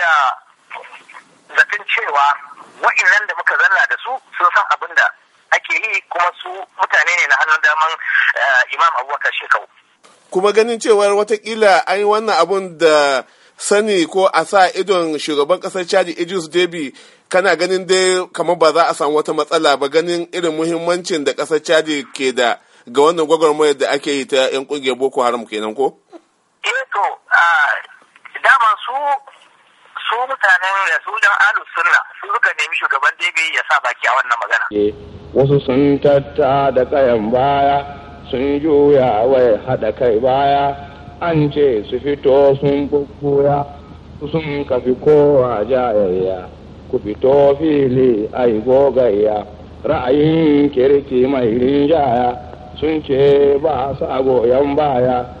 da zaton cewa wa'innan da muka zanna da su sun san abin da ake yi kuma su mutane ne na hannun daman eh, imam abubakar shekau kuma ganin cewar watakila an yi wannan abun da sani ko a sa idon shugaban kasar chadi idris debi kana ganin dai kamar ba za a samu wata matsala ba ganin irin muhimmancin da kasar chadi ke da ga wannan gwagwarmayar da ake yi ta yan kungiyar boko haram kenan ko? eh ah, su mutanen su dan alu sunna su suka nemi shugaban debe ya sa baki a wannan magana eh, wasu sun tatta da kayan baya sun juya wai haɗa kai baya an ce su fito sun bubbuya sun kafi kowa jayayya ku fito fili ai gogayya ra'ayin kirki mai rinjaya sun ce ba sa goyon baya